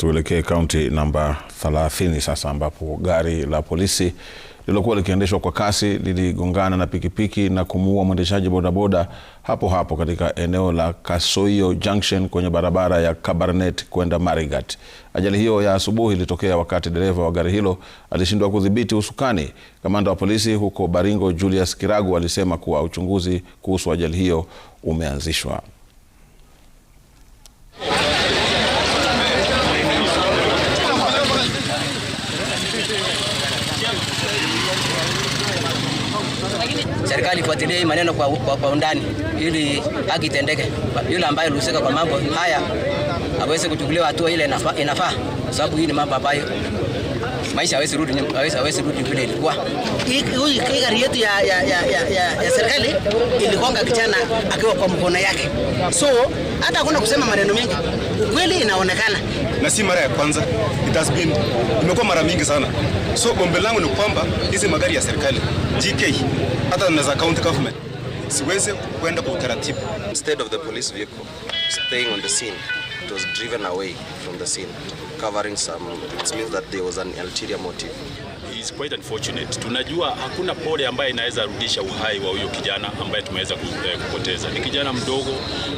Tuelekee kaunti namba 30 sasa ambapo gari la polisi lililokuwa likiendeshwa kwa kasi liligongana na pikipiki na kumuua mwendeshaji bodaboda hapo hapo katika eneo la Kasoio Junction kwenye barabara ya Kabarnet kwenda Marigat. Ajali hiyo ya asubuhi ilitokea wakati dereva wa gari hilo alishindwa kudhibiti usukani. Kamanda wa polisi huko Baringo Julius Kiragu alisema kuwa uchunguzi kuhusu ajali hiyo umeanzishwa. serikali ifuatilie hii maneno kwa, kwa, kwa undani ili haki itendeke. Yule ambaye alihusika kwa mambo haya aweze kuchukuliwa hatua ile inafaa, kwa sababu hii ni mambo ambayo maisha hawezi rudi hawezi rudi vile ilikuwa. Hii gari yetu ya, ya, ya, ya, ya serikali ilikonga kijana akiwa kwa mkono yake, so hata hakuna kusema maneno mengi, ukweli inaonekana na si mara ya kwanza, it has been, imekuwa mara mingi sana. So ombi langu ni kwamba hizi magari ya serikali GK, hata na za county government siweze kwenda kwa utaratibu, instead of the police vehicle staying on the scene It was driven away from the scene, covering some, it means that there was an ulterior motive. Is quite unfortunate. Tunajua hakuna pole ambaye inaweza rudisha uhai wa huyo kijana ambaye tumeweza eh, kupoteza. Ni kijana mdogo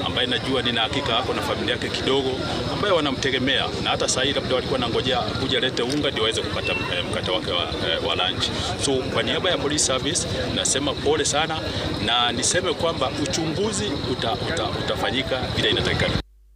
ambaye najua nina hakika ako na familia yake kidogo ambaye wanamtegemea, na hata saa hii labda walikuwa nangojea kuja lete unga ndio waweze kupata eh, mkate wake wa, eh, wa lunch. So kwa niaba ya police service nasema pole sana, na niseme kwamba uchunguzi uta, uta, utafanyika vile inatakikana.